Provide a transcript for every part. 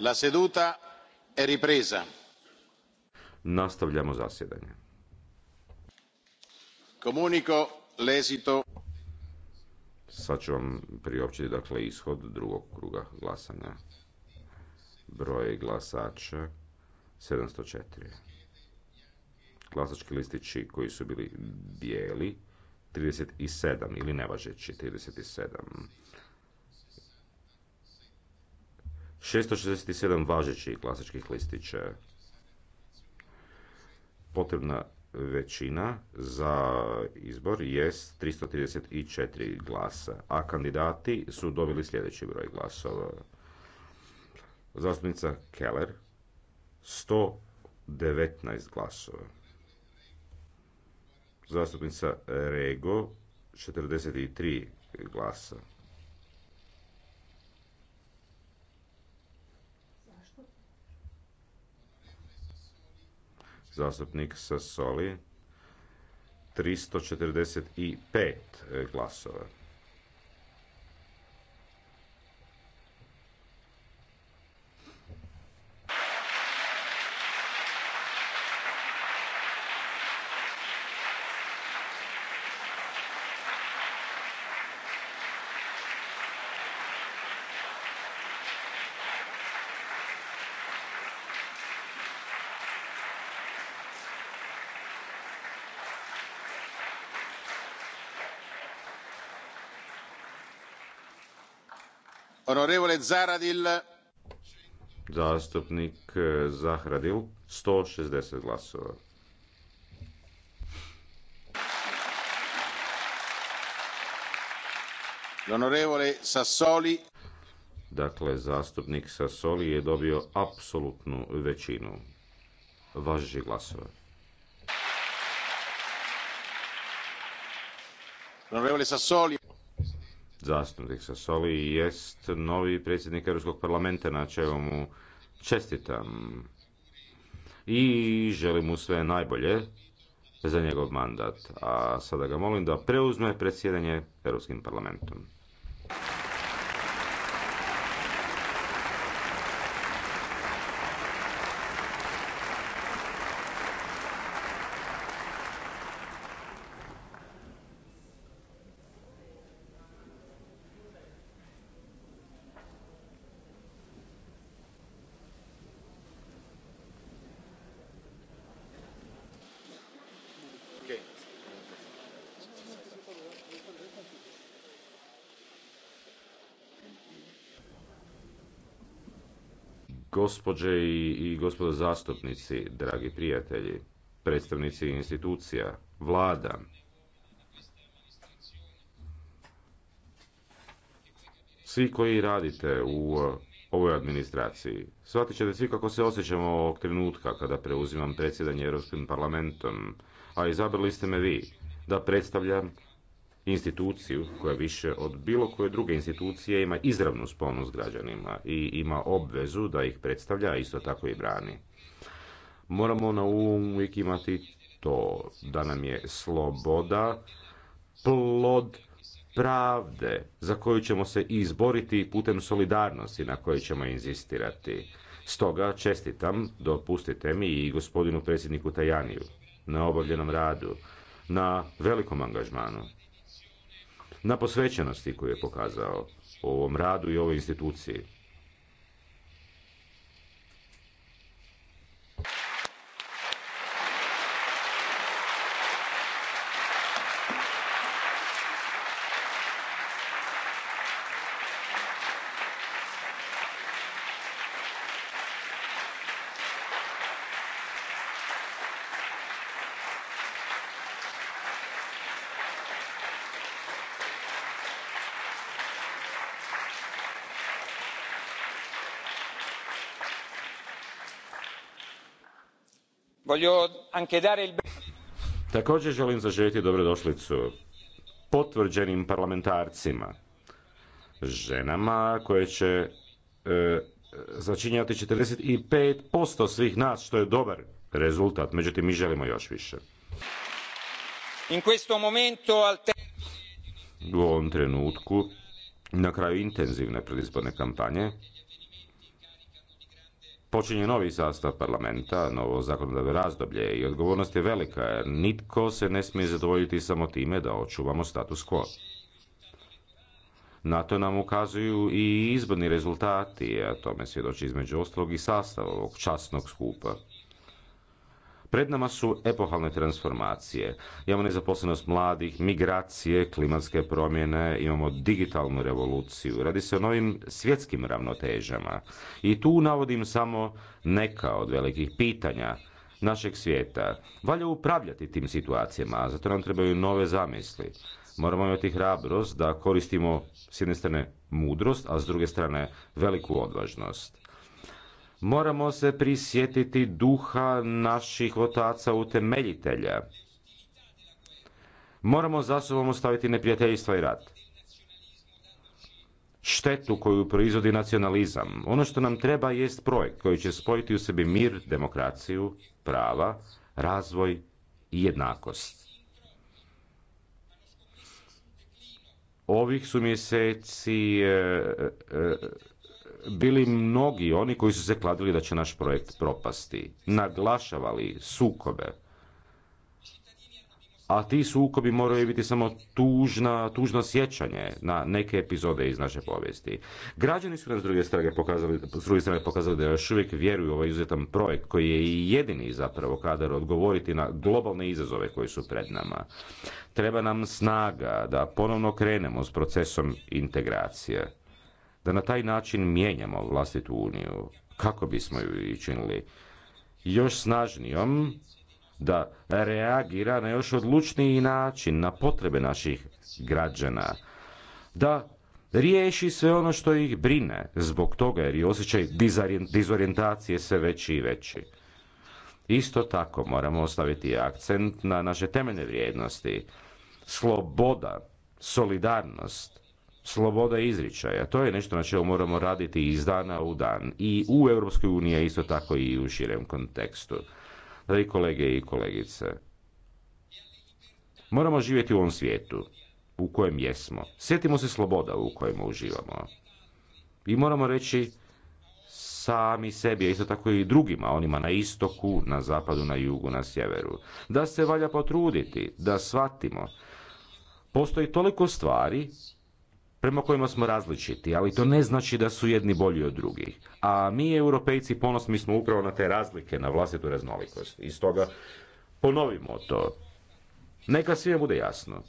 La seduta è ripresa. Nastavljamo zasjedanje. Komuniko l'esito. Sad ću vam priopćiti dakle ishod drugog kruga glasanja. Broj glasača 704. Glasački listići koji su bili bijeli 37 ili nevažeći 37 667 važećih glasačkih listića. Potrebna većina za izbor jest 334 glasa, a kandidati su dobili sljedeći broj glasova. Zastupnica Keller 119 glasova. Zastupnica Rego 43 glasa. zastupnik soli, 345 glasova. Onorevole Zaradil. Zastupnik eh, Zahradil, 160 glasova. L'onorevole Sassoli. Dakle, zastupnik Sassoli je dobio apsolutnu većinu važećih glasova. L'onorevole Sassoli Zastupnik sa soli jest novi predsjednik Europskog parlamenta, na čemu mu čestitam. I želim mu sve najbolje za njegov mandat. A sada ga molim da preuzme predsjedanje Europskim parlamentom. gospođe i, i gospodo zastupnici, dragi prijatelji, predstavnici institucija, vlada, svi koji radite u uh, ovoj administraciji. Shvatit ćete svi kako se osjećamo ovog trenutka kada preuzimam predsjedanje Europskim parlamentom, a izabrali ste me vi da predstavljam instituciju koja više od bilo koje druge institucije ima izravnu s građanima i ima obvezu da ih predstavlja, a isto tako i brani. Moramo na um uvijek imati to da nam je sloboda plod pravde za koju ćemo se izboriti putem solidarnosti na kojoj ćemo inzistirati. Stoga čestitam, dopustite mi i gospodinu predsjedniku Tajaniju na obavljenom radu, na velikom angažmanu na posvećenosti koju je pokazao u ovom radu i ovoj instituciji. Također želim zaželjeti dobrodošlicu potvrđenim parlamentarcima, ženama koje će e, začinjati 45% svih nas, što je dobar rezultat, međutim mi želimo još više. In questo momento al u ovom trenutku, na kraju intenzivne predizborne kampanje, počinje novi sastav parlamenta, novo zakonodavno razdoblje i odgovornost je velika nitko se ne smije zadovoljiti samo time da očuvamo status quo. Na to nam ukazuju i izborni rezultati, a tome svjedoči između ostalog i sastav ovog časnog skupa. Pred nama su epohalne transformacije. Imamo nezaposlenost mladih, migracije, klimatske promjene, imamo digitalnu revoluciju. Radi se o novim svjetskim ravnotežama. I tu navodim samo neka od velikih pitanja našeg svijeta. Valja upravljati tim situacijama, a zato nam trebaju nove zamisli. Moramo imati hrabrost da koristimo s jedne strane mudrost, a s druge strane veliku odvažnost. Moramo se prisjetiti duha naših otaca utemeljitelja. Moramo za sobom ostaviti neprijateljstvo i rat. Štetu koju proizvodi nacionalizam. Ono što nam treba jest projekt koji će spojiti u sebi mir, demokraciju, prava, razvoj i jednakost. Ovih su mjeseci e, e bili mnogi oni koji su se kladili da će naš projekt propasti, naglašavali sukobe, a ti sukobi moraju biti samo tužna, tužno sjećanje na neke epizode iz naše povijesti. Građani su nas s druge strane pokazali, pokazali da još uvijek vjeruju u ovaj izuzetan projekt koji je i jedini zapravo kadar odgovoriti na globalne izazove koji su pred nama. Treba nam snaga da ponovno krenemo s procesom integracije da na taj način mijenjamo vlastitu uniju kako bismo ju i činili još snažnijom da reagira na još odlučniji način na potrebe naših građana da riješi sve ono što ih brine zbog toga jer je osjećaj dizorijentacije sve veći i veći isto tako moramo ostaviti akcent na naše temeljne vrijednosti sloboda solidarnost sloboda izričaja. To je nešto na čemu moramo raditi iz dana u dan. I u Europskoj uniji, isto tako i u širem kontekstu. Dragi kolege i kolegice, moramo živjeti u ovom svijetu u kojem jesmo. Sjetimo se sloboda u kojem uživamo. I moramo reći sami sebi, a isto tako i drugima, onima na istoku, na zapadu, na jugu, na sjeveru. Da se valja potruditi, da shvatimo. Postoji toliko stvari prema kojima smo različiti, ali to ne znači da su jedni bolji od drugih. A mi, europejci, ponosni smo upravo na te razlike, na vlastitu raznolikost. I stoga ponovimo to. Neka svima bude jasno.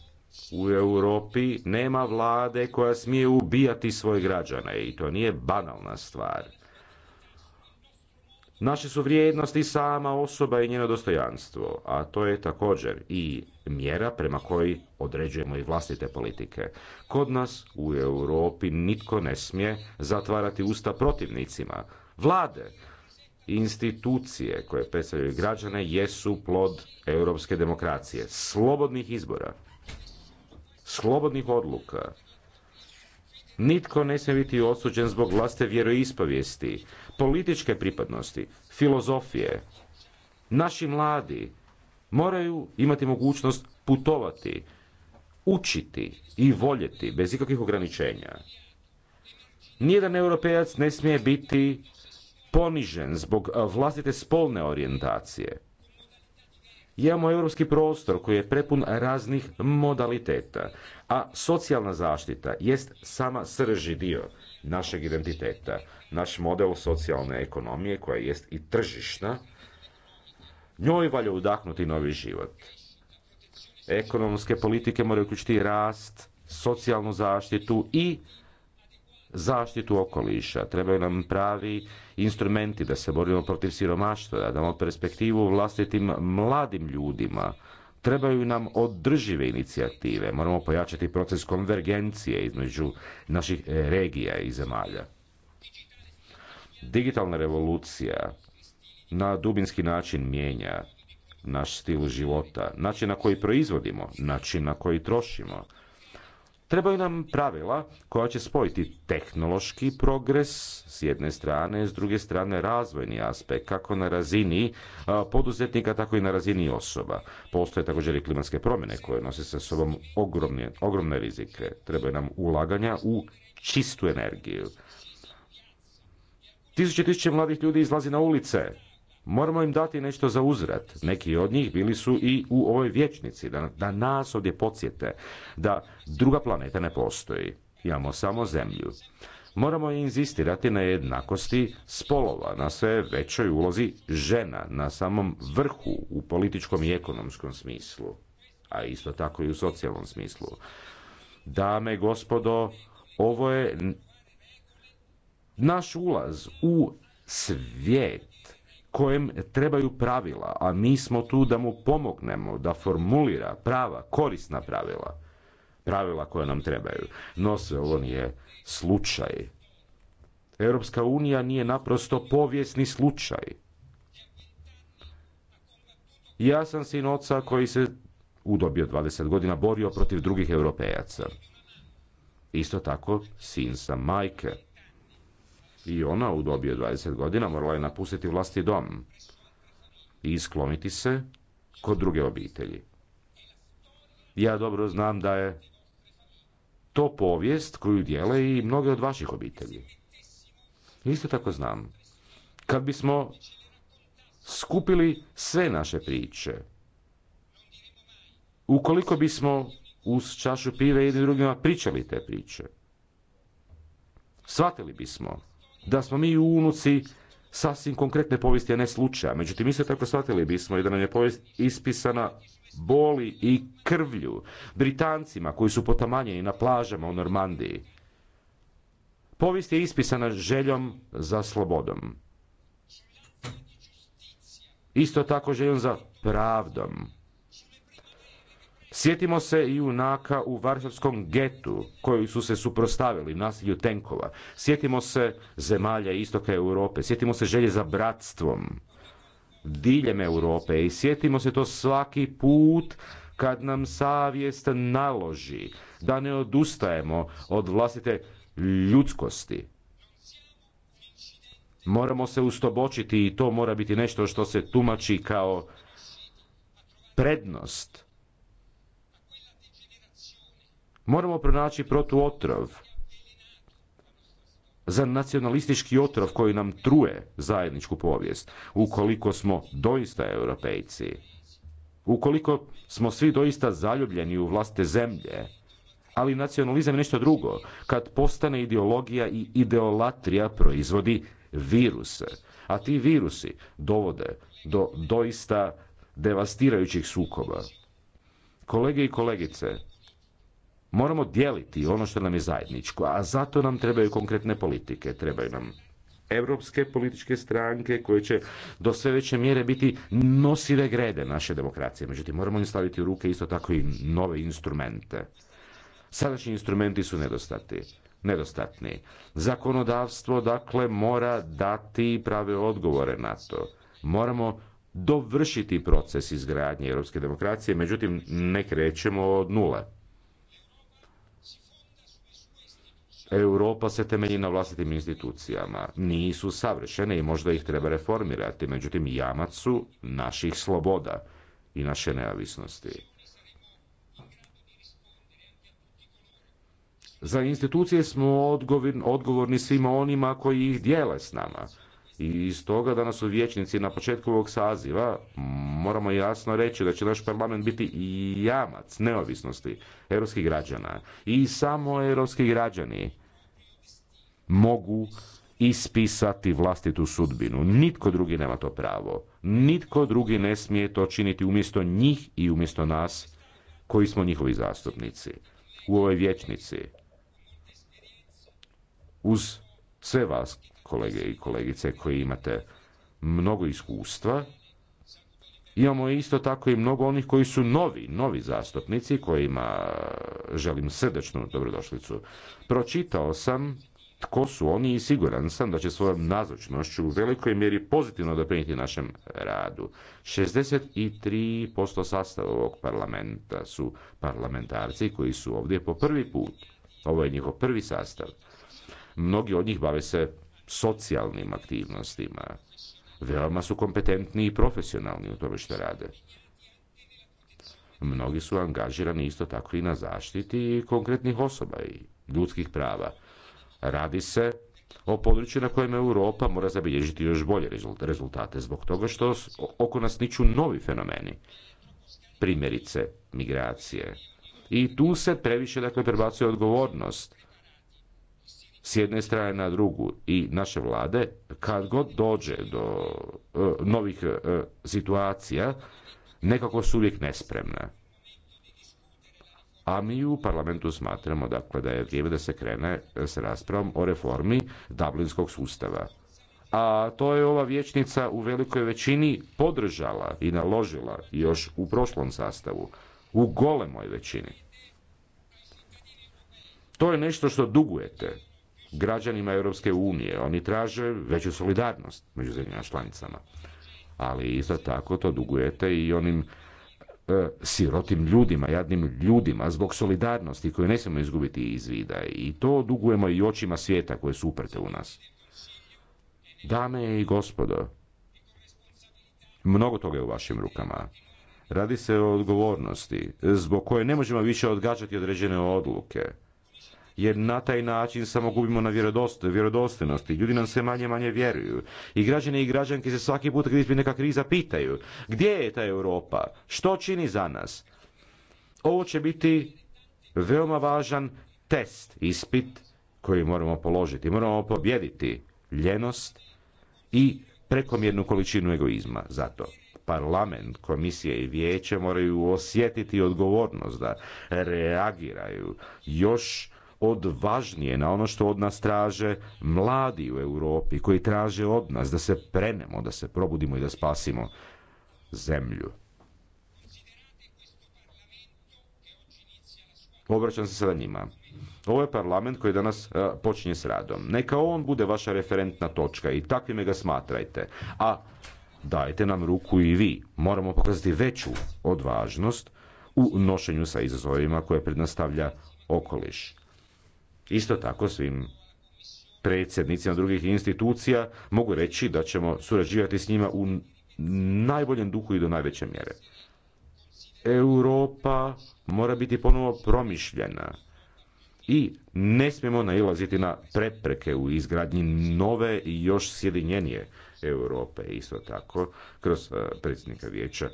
U Europi nema vlade koja smije ubijati svoje građane i to nije banalna stvar. Naše su vrijednosti sama osoba i njeno dostojanstvo, a to je također i mjera prema kojoj određujemo i vlastite politike. Kod nas u Europi nitko ne smije zatvarati usta protivnicima. Vlade, institucije koje predstavljaju građane jesu plod europske demokracije, slobodnih izbora, slobodnih odluka, Nitko ne smije biti osuđen zbog vlastite vjeroispovijesti, političke pripadnosti, filozofije. Naši mladi moraju imati mogućnost putovati, učiti i voljeti bez ikakvih ograničenja. Nijedan europejac ne smije biti ponižen zbog vlastite spolne orijentacije. Imamo europski prostor koji je prepun raznih modaliteta, a socijalna zaštita jest sama srži dio našeg identiteta. Naš model socijalne ekonomije, koja jest i tržišna, njoj valja udahnuti novi život. Ekonomske politike moraju uključiti rast, socijalnu zaštitu i zaštitu okoliša, trebaju nam pravi instrumenti da se borimo protiv siromaštva, da damo perspektivu vlastitim mladim ljudima, trebaju nam održive inicijative, moramo pojačati proces konvergencije između naših e, regija i zemalja. Digitalna revolucija na dubinski način mijenja naš stil života, način na koji proizvodimo, način na koji trošimo, Trebaju nam pravila koja će spojiti tehnološki progres s jedne strane, s druge strane razvojni aspekt, kako na razini poduzetnika, tako i na razini osoba. Postoje također i klimatske promjene koje nose sa sobom ogromne, ogromne rizike. Trebaju nam ulaganja u čistu energiju. Tisuće tisuće mladih ljudi izlazi na ulice Moramo im dati nešto za uzrat. Neki od njih bili su i u ovoj vječnici, da, da nas ovdje podsjete da druga planeta ne postoji. Imamo samo zemlju. Moramo inzistirati na jednakosti spolova, na sve većoj ulozi žena, na samom vrhu u političkom i ekonomskom smislu, a isto tako i u socijalnom smislu. Dame i gospodo, ovo je naš ulaz u svijet kojem trebaju pravila, a mi smo tu da mu pomognemo da formulira prava, korisna pravila, pravila koja nam trebaju. No sve ovo nije slučaj. Europska unija nije naprosto povijesni slučaj. Ja sam sin oca koji se u dobi 20 godina borio protiv drugih europejaca. Isto tako sin sam majke i ona u dobi od 20 godina morala je napustiti vlasti dom i skloniti se kod druge obitelji. Ja dobro znam da je to povijest koju dijele i mnoge od vaših obitelji. Isto tako znam, kad bismo skupili sve naše priče, ukoliko bismo uz čašu pive jedni drugima pričali te priče, shvatili bismo da smo mi unuci sasvim konkretne povijesti, a ne slučaja. Međutim, se tako shvatili bismo i da nam je povijest ispisana boli i krvlju, Britancima koji su potamanjeni na plažama u Normandiji. Povijest je ispisana željom za slobodom. Isto tako željom za pravdom. Sjetimo se i junaka u Varšavskom getu koji su se suprostavili nasilju tenkova. Sjetimo se zemalja istoka Europe, sjetimo se želje za bratstvom diljem Europe i sjetimo se to svaki put kad nam savjest naloži da ne odustajemo od vlastite ljudskosti. Moramo se ustobočiti i to mora biti nešto što se tumači kao prednost Moramo pronaći protuotrov za nacionalistički otrov koji nam truje zajedničku povijest. Ukoliko smo doista europejci, ukoliko smo svi doista zaljubljeni u vlaste zemlje, ali nacionalizam je nešto drugo. Kad postane ideologija i ideolatrija proizvodi viruse. A ti virusi dovode do doista devastirajućih sukoba. Kolege i kolegice, Moramo dijeliti ono što nam je zajedničko, a zato nam trebaju konkretne politike, trebaju nam europske političke stranke koje će do sve veće mjere biti nosive grede naše demokracije. Međutim, moramo im staviti u ruke isto tako i nove instrumente. Sadašnji instrumenti su nedostati nedostatni. Zakonodavstvo dakle mora dati prave odgovore na to. Moramo dovršiti proces izgradnje europske demokracije, međutim ne krećemo od nule. Europa se temelji na vlastitim institucijama. Nisu savršene i možda ih treba reformirati, međutim jamac su naših sloboda i naše neovisnosti. Za institucije smo odgovorni svima onima koji ih dijele s nama. I stoga danas u vijećnici na početku ovog saziva moramo jasno reći da će naš parlament biti jamac neovisnosti europskih građana. I samo europski građani mogu ispisati vlastitu sudbinu. Nitko drugi nema to pravo. Nitko drugi ne smije to činiti umjesto njih i umjesto nas koji smo njihovi zastupnici u ovoj vječnici. Uz sve vas kolege i kolegice koji imate mnogo iskustva. Imamo isto tako i mnogo onih koji su novi, novi zastupnici kojima želim srdečnu dobrodošlicu. Pročitao sam tko su oni i siguran sam da će svojom nazočnošću u velikoj mjeri pozitivno doprinijeti našem radu. 63% sastava ovog parlamenta su parlamentarci koji su ovdje po prvi put. Ovo je njihov prvi sastav. Mnogi od njih bave se socijalnim aktivnostima. Veoma su kompetentni i profesionalni u tome što rade. Mnogi su angažirani isto tako i na zaštiti konkretnih osoba i ljudskih prava. Radi se o području na kojem Europa mora zabilježiti još bolje rezultate zbog toga što oko nas niču novi fenomeni. Primjerice, migracije. I tu se previše dakle prebacuje odgovornost s jedne strane na drugu i naše vlade, kad god dođe do e, novih e, situacija, nekako su uvijek nespremne. A mi u parlamentu smatramo dakle, da je vrijeme da se krene e, s raspravom o reformi Dublinskog sustava. A to je ova vječnica u velikoj većini podržala i naložila još u prošlom sastavu, u golemoj većini. To je nešto što dugujete građanima Europske unije. Oni traže veću solidarnost među zemljama članicama. Ali isto tako to dugujete i onim e, sirotim ljudima, jadnim ljudima zbog solidarnosti koju ne smijemo izgubiti iz vida. I to dugujemo i očima svijeta koje su uprte u nas. Dame i gospodo, mnogo toga je u vašim rukama. Radi se o odgovornosti zbog koje ne možemo više odgađati određene odluke jer na taj način samo gubimo na vjerodostojnosti. Ljudi nam sve manje manje vjeruju. I građani i građanke se svaki put kad neka kriza pitaju gdje je ta Europa? Što čini za nas? Ovo će biti veoma važan test, ispit koji moramo položiti. Moramo pobjediti ljenost i prekomjernu količinu egoizma. Zato parlament, komisija i vijeće moraju osjetiti odgovornost da reagiraju još odvažnije na ono što od nas traže mladi u Europi koji traže od nas da se prenemo, da se probudimo i da spasimo zemlju. Obraćam se sada njima. Ovo je parlament koji danas e, počinje s radom. Neka on bude vaša referentna točka i takvime ga smatrajte. A dajte nam ruku i vi. Moramo pokazati veću odvažnost u nošenju sa izazovima koje prednastavlja okoliš. Isto tako svim predsjednicima drugih institucija mogu reći da ćemo surađivati s njima u najboljem duhu i do najveće mjere. Europa mora biti ponovo promišljena i ne smijemo nailaziti na prepreke u izgradnji nove i još sjedinjenije Europe. Isto tako, kroz eh, predsjednika vijeća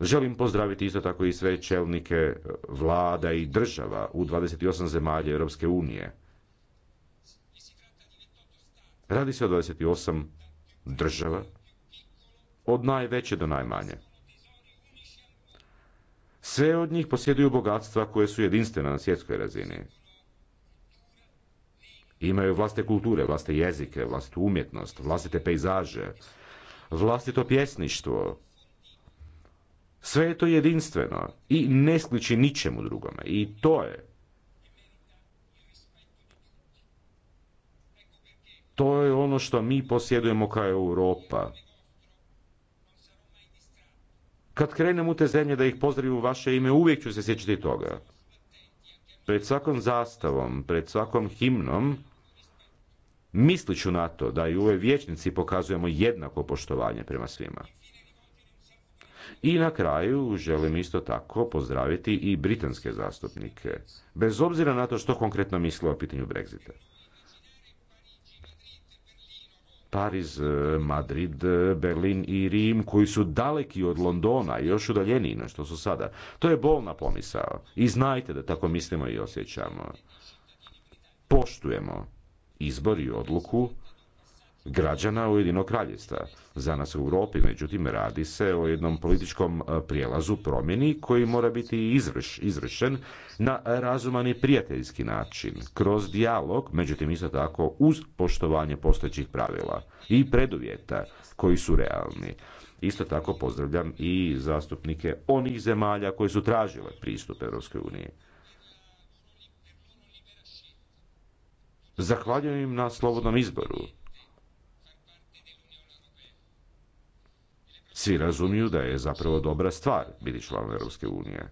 Želim pozdraviti isto tako i sve čelnike vlada i država u 28 zemalja Europske unije. Radi se o 28 država, od najveće do najmanje. Sve od njih posjeduju bogatstva koje su jedinstvene na svjetskoj razini. Imaju vlastite kulture, vlastite jezike, vlastitu umjetnost, vlastite pejzaže, vlastito pjesništvo, sve je to jedinstveno i ne sliči ničemu drugome. I to je To je ono što mi posjedujemo kao Europa. Kad krenem u te zemlje da ih pozdravim u vaše ime, uvijek ću se sjećati toga. Pred svakom zastavom, pred svakom himnom, mislit na to da i u ovoj vječnici pokazujemo jednako poštovanje prema svima. I na kraju želim isto tako pozdraviti i britanske zastupnike, bez obzira na to što konkretno misle o pitanju Brexita. Pariz, Madrid, Berlin i Rim koji su daleki od Londona i još udaljeniji na što su sada. To je bolna pomisao i znajte da tako mislimo i osjećamo. Poštujemo izbor i odluku građana Ujedinog kraljevstva. Za nas u Europi, međutim, radi se o jednom političkom e, prijelazu promjeni koji mora biti izvršen na razuman i prijateljski način, kroz dijalog, međutim isto tako uz poštovanje postojećih pravila i preduvjeta koji su realni. Isto tako pozdravljam i zastupnike onih zemalja koje su tražile pristup Europskoj uniji. Zahvaljujem im na slobodnom izboru svi razumiju da je zapravo dobra stvar biti član Europske unije.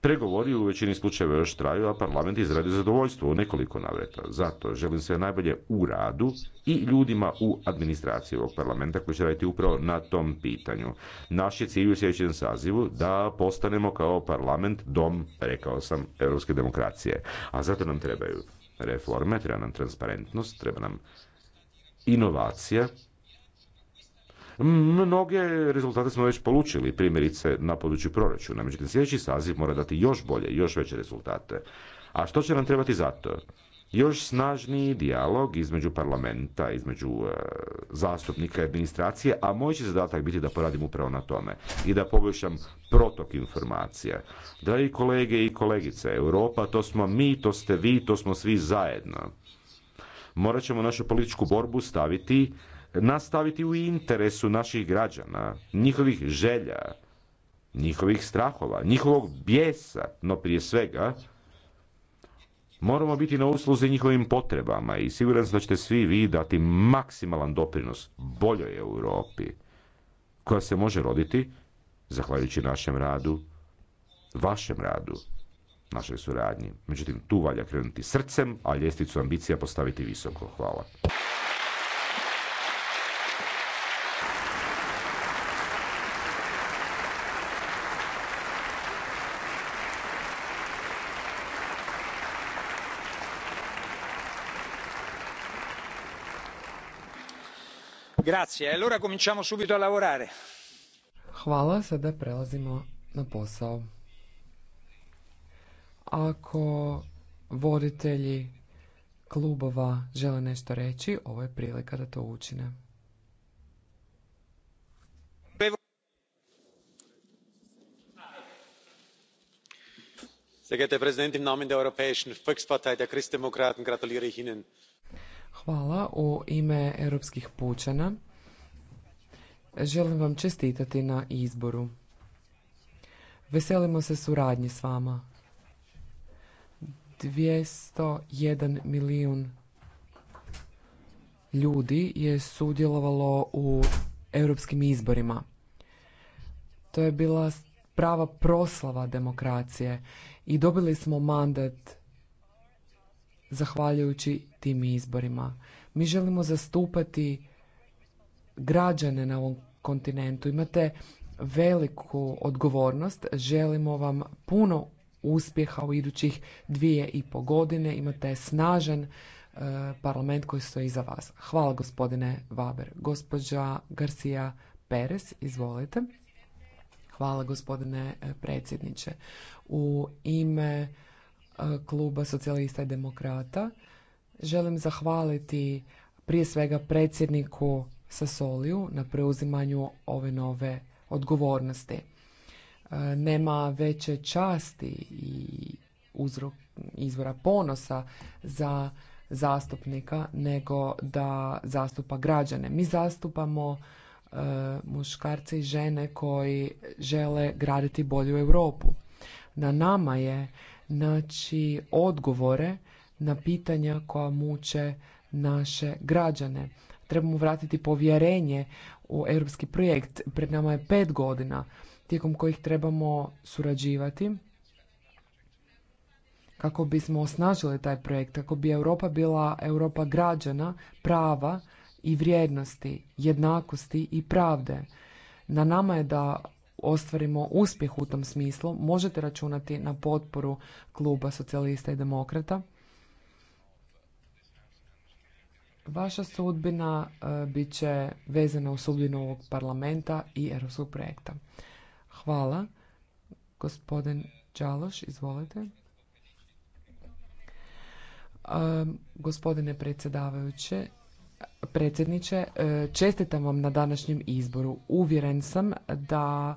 Pregovori u većini slučajeva još traju, a parlament izradi zadovoljstvo u nekoliko navrata. Zato želim sve najbolje u radu i ljudima u administraciji ovog parlamenta koji će raditi upravo na tom pitanju. Naš je cilj u sljedećem sazivu da postanemo kao parlament dom, rekao sam, europske demokracije. A zato nam trebaju reforme, treba nam transparentnost, treba nam inovacija. Mnoge rezultate smo već polučili, primjerice na području proračuna. Međutim, sljedeći saziv mora dati još bolje, još veće rezultate. A što će nam trebati za to? Još snažniji dijalog između parlamenta, između e, zastupnika i administracije, a moj će zadatak biti da poradim upravo na tome i da poboljšam protok informacija. Dragi kolege i kolegice, Europa to smo mi, to ste vi, to smo svi zajedno. Morat ćemo našu političku borbu staviti, nastaviti u interesu naših građana, njihovih želja, njihovih strahova, njihovog bijesa, no prije svega moramo biti na usluzi njihovim potrebama i siguran sam da ćete svi vi dati maksimalan doprinos boljoj Europi koja se može roditi zahvaljujući našem radu, vašem radu našoj suradnji. Međutim, tu valja krenuti srcem, a ljestvicu ambicija postaviti visoko. Hvala. Grazie. cominciamo subito lavorare. Hvala, sada prelazimo na posao. Ako voditelji klubova žele nešto reći, ovo je prilika da to učine. Sehr geehrter Präsident, im Namen der Europäischen Volkspartei der Christdemokraten gratuliere ich Ihnen. Hvala u ime europskih pučana. Želim vam čestitati na izboru. Veselimo se suradnji s vama. 201 milijun ljudi je sudjelovalo u europskim izborima. To je bila prava proslava demokracije i dobili smo mandat zahvaljujući tim izborima. Mi želimo zastupati građane na ovom kontinentu. Imate veliku odgovornost. Želimo vam puno uspjeha u idućih dvije i po godine. Imate snažan e, parlament koji stoji iza vas. Hvala gospodine Vaber. Gospođa Garcia Perez, izvolite. Hvala gospodine e, predsjedniče. U ime e, kluba socijalista i demokrata želim zahvaliti prije svega predsjedniku Sasoliju na preuzimanju ove nove odgovornosti. E, nema veće časti i uzrok izvora ponosa za zastupnika nego da zastupa građane. Mi zastupamo e, muškarce i žene koji žele graditi bolju Europu. Na nama je naći odgovore na pitanja koja muče naše građane. Trebamo vratiti povjerenje u europski projekt. Pred nama je pet godina tijekom kojih trebamo surađivati kako bismo osnažili taj projekt, kako bi Europa bila Europa građana, prava i vrijednosti, jednakosti i pravde. Na nama je da ostvarimo uspjeh u tom smislu. Možete računati na potporu kluba socijalista i demokrata. Vaša sudbina e, bit će vezana u sudbinu ovog parlamenta i europskog projekta. Hvala. Gospodin Čaloš, izvolite. gospodine predsjedavajuće, predsjedniče, e, čestitam vam na današnjem izboru. Uvjeren sam da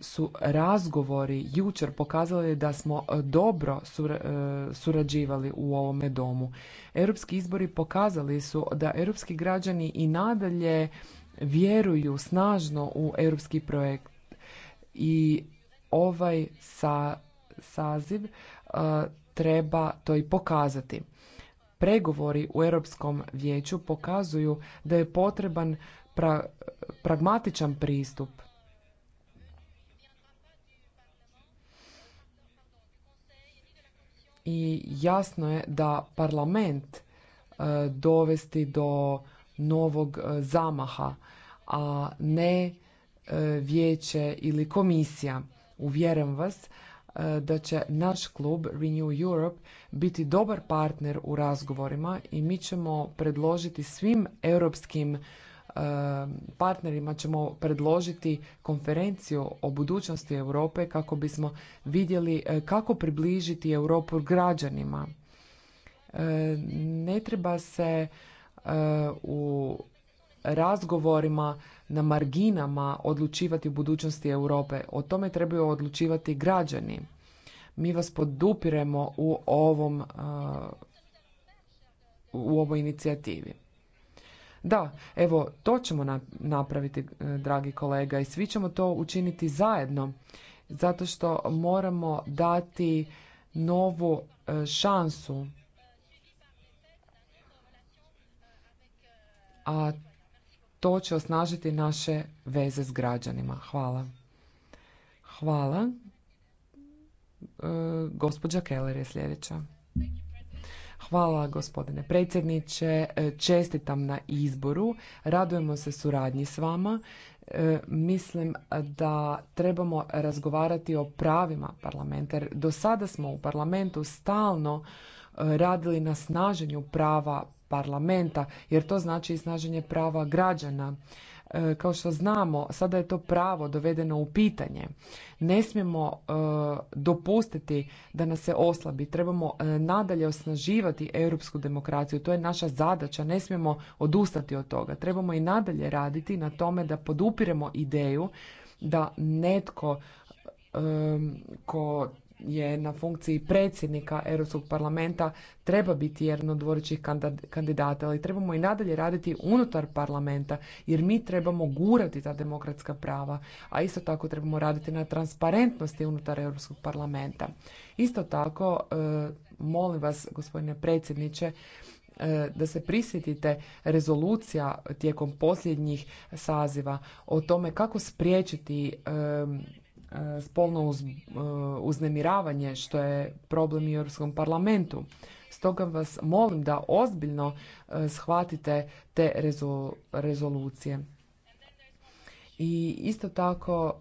su razgovori jučer pokazali da smo e, dobro e, surađivali u ovome domu. Europski izbori pokazali su da europski građani i nadalje vjeruju snažno u europski projekt i ovaj sa, saziv e, treba to i pokazati. Pregovori u Europskom vijeću pokazuju da je potreban pragmatičan pristup i jasno je da parlament e, dovesti do novog e, zamaha, a ne vijeće ili komisija. Uvjeren vas e, da će naš klub Renew Europe biti dobar partner u razgovorima i mi ćemo predložiti svim europskim e, partnerima ćemo predložiti konferenciju o budućnosti Europe kako bismo vidjeli e, kako približiti Europu građanima. Ne treba se u razgovorima na marginama odlučivati u budućnosti Europe. O tome trebaju odlučivati građani. Mi vas podupiremo u ovom uh, u ovoj inicijativi. Da, evo, to ćemo napraviti, uh, dragi kolega, i svi ćemo to učiniti zajedno, zato što moramo dati novu uh, šansu. A to će osnažiti naše veze s građanima. Hvala. Hvala. E, gospođa Keller je sljedeća. Hvala gospodine predsjedniče, e, čestitam na izboru, radujemo se suradnji s vama. E, mislim da trebamo razgovarati o pravima parlamenta jer do sada smo u parlamentu stalno e, radili na snaženju prava parlamenta jer to znači i snaženje prava građana e, kao što znamo sada je to pravo dovedeno u pitanje ne smijemo e, dopustiti da nas se oslabi trebamo e, nadalje osnaživati europsku demokraciju to je naša zadaća ne smijemo odustati od toga trebamo i nadalje raditi na tome da podupiremo ideju da netko ko je na funkciji predsjednika Europskog parlamenta treba biti jedan od dvoričih kandidata, ali trebamo i nadalje raditi unutar parlamenta jer mi trebamo gurati ta demokratska prava, a isto tako trebamo raditi na transparentnosti unutar Europskog parlamenta. Isto tako, e, molim vas, gospodine predsjedniče, e, da se prisjetite rezolucija tijekom posljednjih saziva o tome kako spriječiti e, E, spolno e, uznemiravanje što je problem u Europskom parlamentu. Stoga vas molim da ozbiljno e, shvatite te rezolucije. I isto tako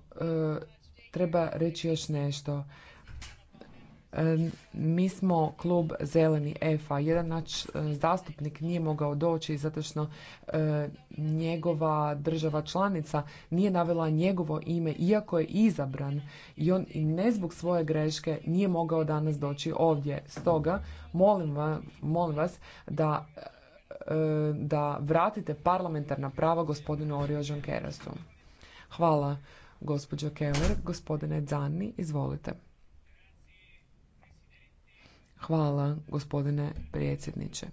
treba reći još nešto. E, mi smo klub Zeleni EFA. Jedan naš e, zastupnik nije mogao doći zato što e, njegova država članica nije navela njegovo ime, iako je izabran i on i ne zbog svoje greške nije mogao danas doći ovdje. Stoga, molim, vas molim vas da da vratite parlamentarna prava gospodinu Orio Žankerasu. Hvala, gospođo Keller. Gospodine Zani, izvolite. Hvala, gospodine predsjedniče.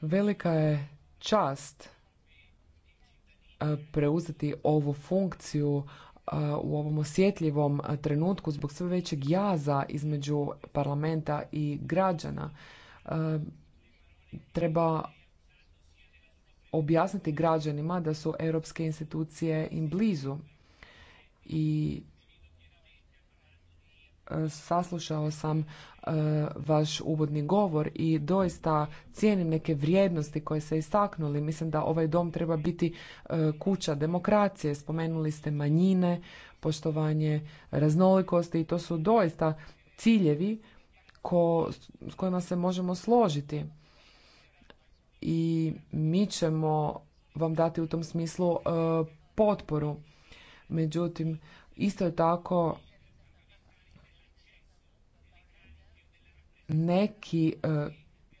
Velika je čast e, preuzeti ovu funkciju e, u ovom osjetljivom e, trenutku zbog sve većeg jaza između parlamenta i građana. Treba objasniti građanima da su europske institucije im blizu i e, saslušao sam e, vaš uvodni govor i doista cijenim neke vrijednosti koje ste istaknuli. Mislim da ovaj dom treba biti e, kuća demokracije. Spomenuli ste manjine, poštovanje raznolikosti i to su doista ciljevi ko, s kojima se možemo složiti. I mi ćemo vam dati u tom smislu potporu. Međutim, isto tako neki e,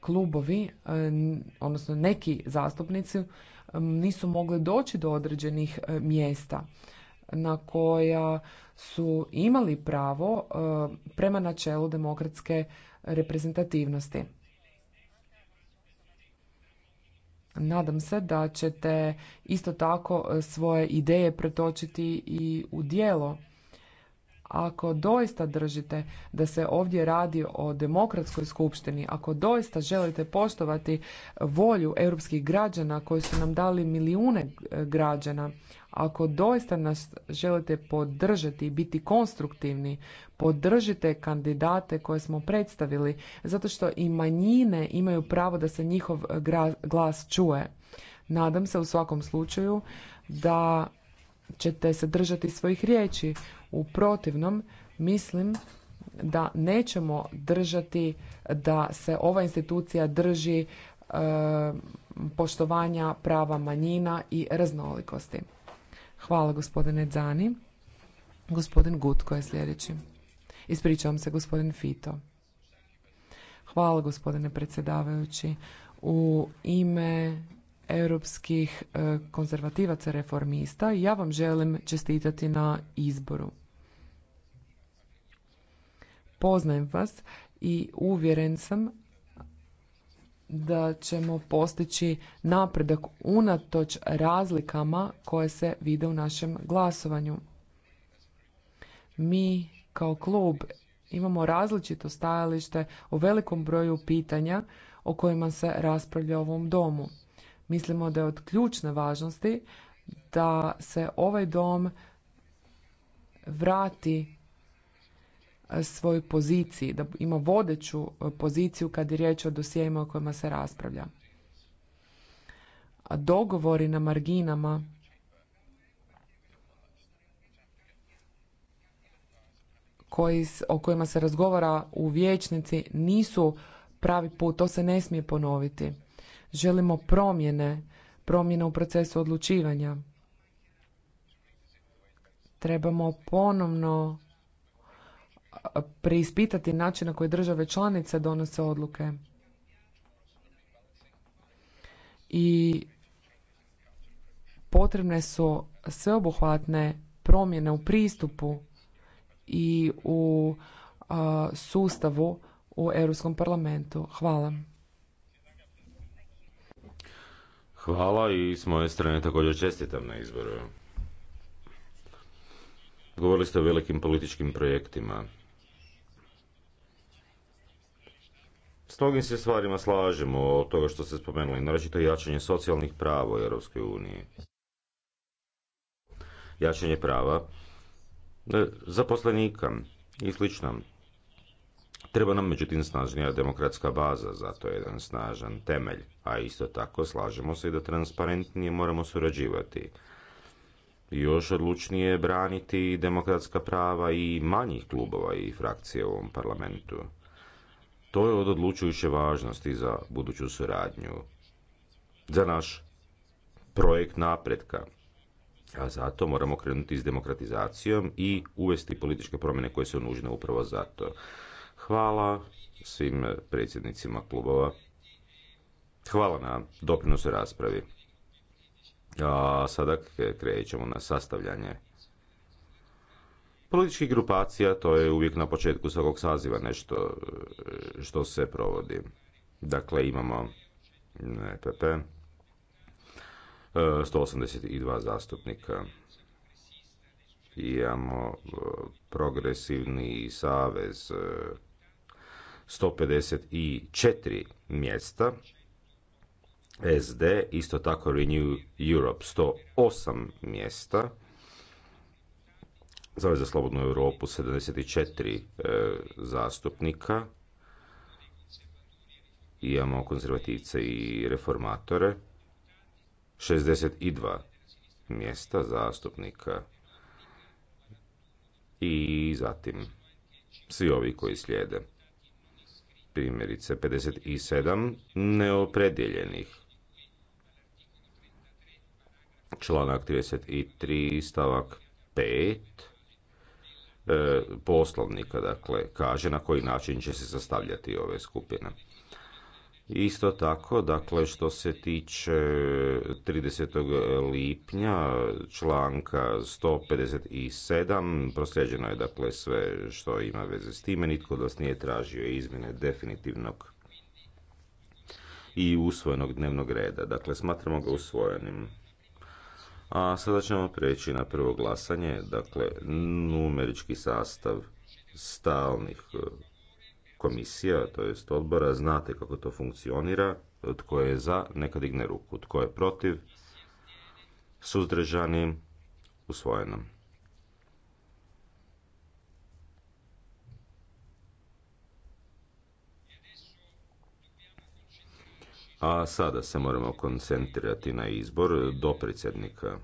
klubovi, e, odnosno neki zastupnici nisu mogli doći do određenih e, mjesta na koja su imali pravo prema načelu demokratske reprezentativnosti. Nadam se da ćete isto tako e, svoje ideje pretočiti i u djelo ako doista držite da se ovdje radi o demokratskoj skupštini, ako doista želite poštovati volju europskih građana koji su nam dali milijune e, građana, ako doista nas želite podržati i biti konstruktivni, podržite kandidate koje smo predstavili, zato što i manjine imaju pravo da se njihov glas čuje. Nadam se u svakom slučaju da ćete se držati svojih riječi. U protivnom, mislim da nećemo držati da se ova institucija drži e, poštovanja prava manjina i raznolikosti. Hvala gospodine Dzani. Gospodin Gutko je sljedeći. Ispričavam se gospodin Fito. Hvala gospodine predsjedavajući. U ime europskih e, konzervativaca reformista i ja vam želim čestitati na izboru. Poznajem vas i uvjeren sam da ćemo postići napredak unatoč razlikama koje se vide u našem glasovanju. Mi kao klub imamo različito stajalište o velikom broju pitanja o kojima se raspravlja u ovom domu. Mislimo da je od ključne važnosti da se ovaj dom vrati e, svojoj poziciji, da ima vodeću e, poziciju kad je riječ o dosjeima o kojima se raspravlja. dogovori na marginama koji, o kojima se razgovara u vijećnici nisu pravi put, to se ne smije ponoviti. Želimo promjene, promjene u procesu odlučivanja. Trebamo ponovno preispitati način na koji države članice donose odluke. I potrebne su sveobuhvatne promjene u pristupu i u sustavu u Europskom parlamentu. Hvala. Hvala i s moje strane također čestitam na izboru. Govorili ste o velikim političkim projektima. S mnogim se stvarima slažemo od toga što ste spomenuli, naročito jačanje socijalnih prava u Europskoj uniji. Jačanje prava e, zaposlenika i sličnom Treba nam međutim snažnija demokratska baza, zato je jedan snažan temelj, a isto tako slažemo se i da transparentnije moramo surađivati. Još odlučnije braniti demokratska prava i manjih klubova i frakcije u ovom parlamentu. To je od odlučujuće važnosti za buduću suradnju, za naš projekt napretka. A zato moramo krenuti s demokratizacijom i uvesti političke promjene koje su nužne upravo zato. Hvala svim predsjednicima klubova. Hvala na doprinosu raspravi. A sada krećemo na sastavljanje političkih grupacija, to je uvijek na početku svakog saziva nešto e, što se provodi. Dakle, imamo EPP, 182 e, zastupnika, imamo e, progresivni savez 154 mjesta, SD, isto tako Renew Europe 108 mjesta, Zavez za slobodnu Europu 74 e, zastupnika, imamo konzervativce i reformatore, 62 mjesta zastupnika i zatim svi ovi koji slijede primjerice 57 neopredjeljenih. Članak 33 stavak 5 e, poslovnika dakle kaže na koji način će se sastavljati ove skupine. Isto tako, dakle, što se tiče 30. lipnja članka 157, prosljeđeno je dakle sve što ima veze s time, nitko od vas nije tražio izmjene definitivnog i usvojenog dnevnog reda. Dakle, smatramo ga usvojenim. A sada ćemo preći na prvo glasanje, dakle, numerički sastav stalnih komisija, to jest odbora, znate kako to funkcionira, tko je za, neka digne ruku, tko je protiv, suzdržani, usvojeno. A sada se moramo koncentrirati na izbor do predsjednika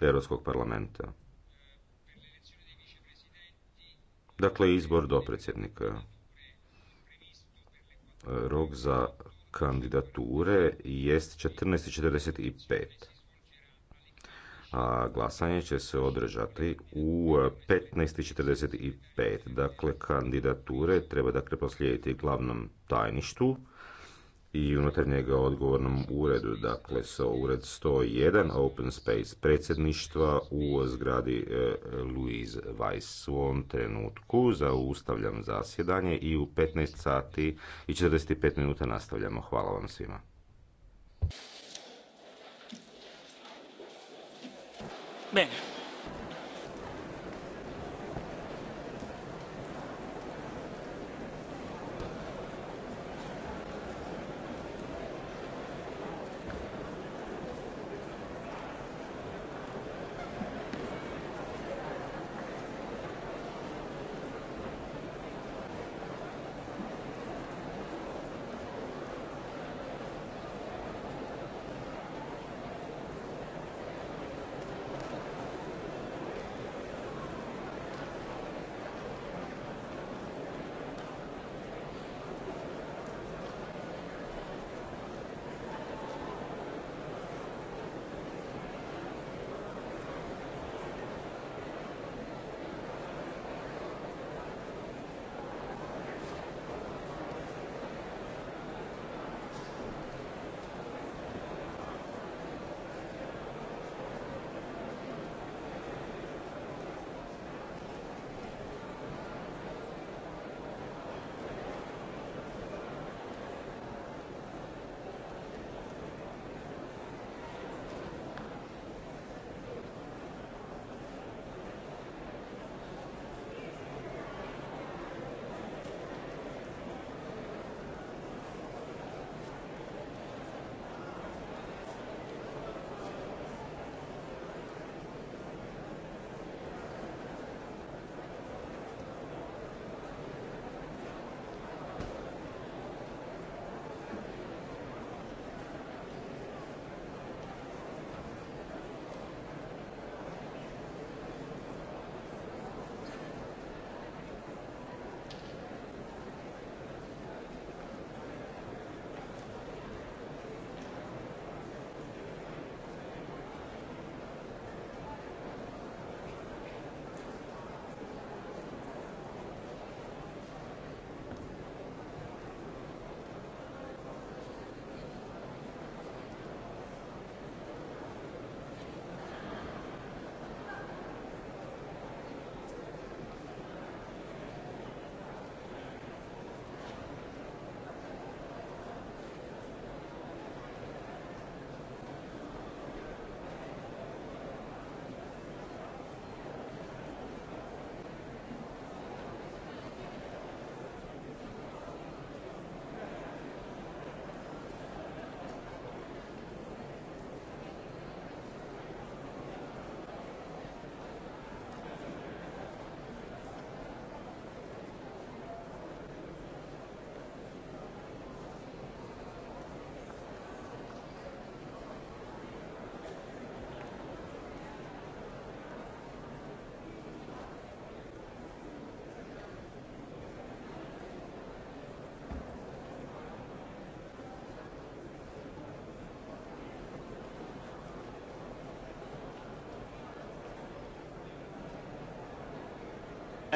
Europskog parlamenta. Dakle, izbor do predsjednika. Rok za kandidature jest 14.45. A glasanje će se održati u 15.45. Dakle, kandidature treba dakle proslijediti glavnom tajništu i unutarnjega odgovornom uredu, dakle so ured 101 Open Space predsjedništva u zgradi e, Louise Weiss. U ovom trenutku zaustavljam zasjedanje i u 15 sati i 45 minuta nastavljamo. Hvala vam svima.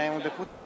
Najmo deputat